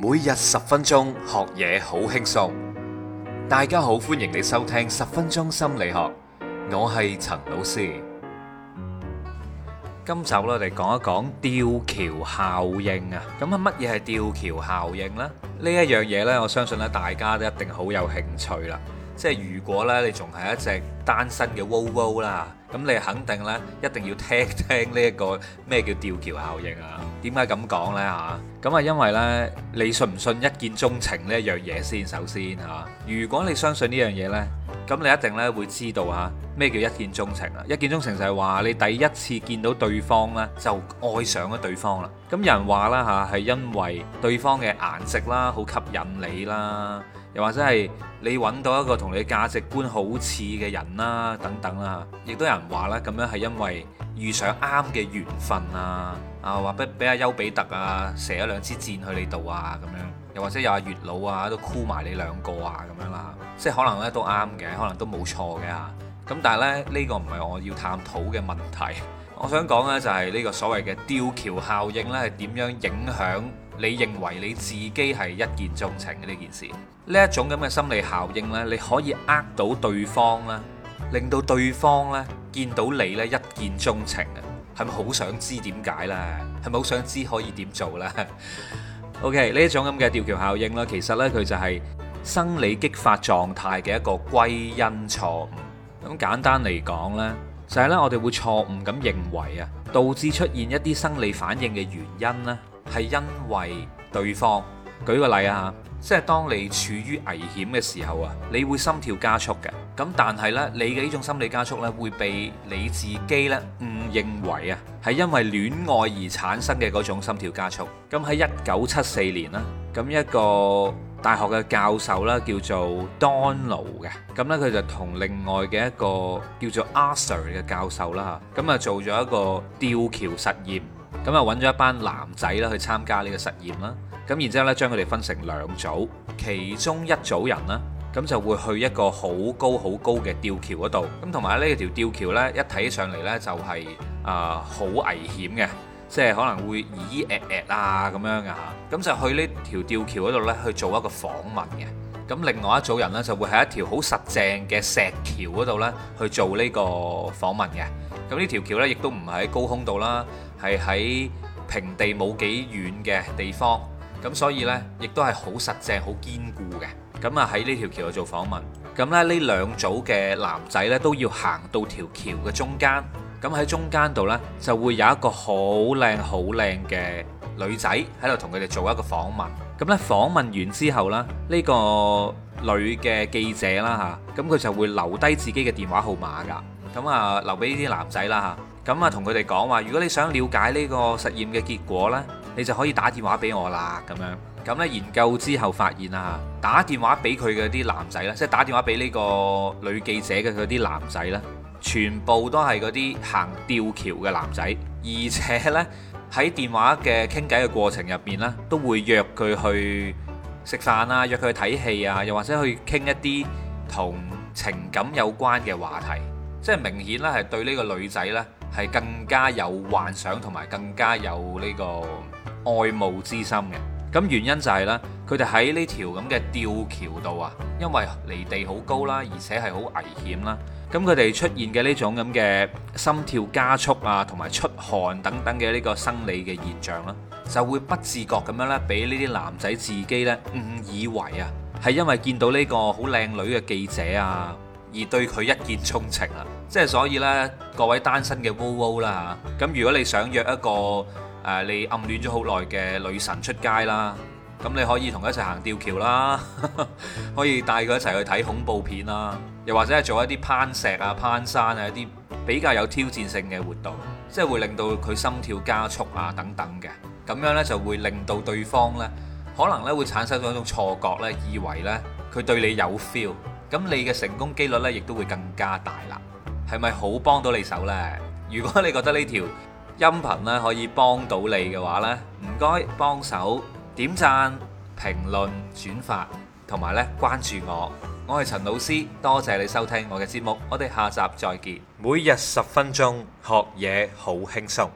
每日十分鐘學嘢，好輕鬆，大家好，歡迎你收聽十分鐘心理學，我係陳老師。今集我哋講一講吊橋效應啊，咁啊乜嘢係吊橋效應呢？呢一樣嘢呢，我相信呢大家都一定好有興趣啦。即係如果呢你仲係一隻單身嘅 wow wow 啦。咁你肯定咧，一定要聽聽呢、這、一個咩叫吊橋效應啊。點解咁講咧？吓、啊，咁啊因為咧，你信唔信一見鍾情呢一樣嘢先？首先吓、啊，如果你相信呢樣嘢咧，咁你一定咧會知道吓、啊、咩叫一見鍾情啊。一見鍾情就係話你第一次見到對方咧就愛上咗對方啦。咁有人話啦吓，係、啊、因為對方嘅顏值啦好吸引你啦，又或者係你揾到一個同你價值觀好似嘅人啦等等啦，亦都有。話啦，咁樣係因為遇上啱嘅緣分啊，啊話俾俾阿丘比特啊射咗兩支箭去你度啊，咁樣又或者有阿月老啊都箍埋你兩個啊，咁樣啦，即係可能咧都啱嘅，可能都冇錯嘅，咁但係咧呢、呢個唔係我要探討嘅問題，我想講呢，就係呢個所謂嘅吊橋效應呢，係點樣影響你認為你自己係一見鍾情嘅呢件事，呢一種咁嘅心理效應呢，你可以呃到對方啦，令到對方呢。見到你呢一見鍾情啊，係咪好想知點解咧？係咪好想知可以點做咧 ？OK 呢一種咁嘅吊橋效應呢，其實呢，佢就係生理激發狀態嘅一個歸因錯誤。咁簡單嚟講呢就係呢，我哋會錯誤咁認為啊，導致出現一啲生理反應嘅原因呢係因為對方。舉個例啊即係當你處於危險嘅時候啊，你會心跳加速嘅。咁但係呢，你嘅呢種心理加速呢，會被你自己呢誤認為啊係因為戀愛而產生嘅嗰種心跳加速。咁喺一九七四年啦，咁一個大學嘅教授啦叫做 Donald 嘅，咁呢佢就同另外嘅一個叫做 Arthur 嘅教授啦嚇，咁啊做咗一個吊橋實驗，咁啊揾咗一班男仔啦去參加呢個實驗啦。咁然之後咧，將佢哋分成兩組，其中一組人咧，咁就會去一個好高好高嘅吊橋嗰度，咁同埋呢條吊橋咧，一睇上嚟咧就係啊好危險嘅，即係可能會咦誒誒啊咁樣嘅嚇，咁就去呢條吊橋嗰度咧去做一個訪問嘅。咁另外一組人咧就會喺一條好實淨嘅石橋嗰度咧去做呢個訪問嘅。咁呢條橋咧亦都唔係喺高空度啦，係喺平地冇幾遠嘅地方。咁所以呢，亦都係好實淨、好堅固嘅。咁啊，喺呢條橋度做訪問。咁呢，呢兩組嘅男仔呢都要行到條橋嘅中間。咁喺中間度呢，就會有一個好靚、好靚嘅女仔喺度同佢哋做一個訪問。咁呢，訪問完之後呢，呢個女嘅記者啦嚇，咁佢就會留低自己嘅電話號碼㗎。咁啊，留俾呢啲男仔啦嚇。咁啊，同佢哋講話，如果你想了解呢個實驗嘅結果呢，你就可以打電話俾我啦，咁樣。咁咧，研究之後發現啊，打電話俾佢嘅啲男仔咧，即係打電話俾呢個女記者嘅嗰啲男仔呢，全部都係嗰啲行吊橋嘅男仔。而且呢，喺電話嘅傾偈嘅過程入邊呢都會約佢去食飯啊，約佢去睇戲啊，又或者去傾一啲同情感有關嘅話題，即係明顯咧，係對呢個女仔呢，係更加有幻想同埋更加有呢個。愛慕之心嘅，咁原因就係呢。佢哋喺呢條咁嘅吊橋度啊，因為離地好高啦，而且係好危險啦，咁佢哋出現嘅呢種咁嘅心跳加速啊，同埋出汗等等嘅呢個生理嘅現象啦，就會不自覺咁樣呢，俾呢啲男仔自己呢誤以為啊，係因為見到呢個好靚女嘅記者啊，而對佢一見鍾情啊，即係所以呢，各位單身嘅 wow 啦，咁如果你想約一個。誒，你暗戀咗好耐嘅女神出街啦，咁你可以同佢一齊行吊橋啦， 可以帶佢一齊去睇恐怖片啦，又或者係做一啲攀石啊、攀山啊一啲比較有挑戰性嘅活動，即係會令到佢心跳加速啊等等嘅，咁樣呢就會令到對方呢，可能呢會產生咗一種錯覺，呢以為呢佢對你有 feel，咁你嘅成功機率呢亦都會更加大啦，係咪好幫到你手呢？如果你覺得呢條，音頻咧可以幫到你嘅話咧，唔該幫手點讚、評論、轉發，同埋咧關注我。我係陳老師，多謝你收聽我嘅節目，我哋下集再見。每日十分鐘學嘢好輕鬆。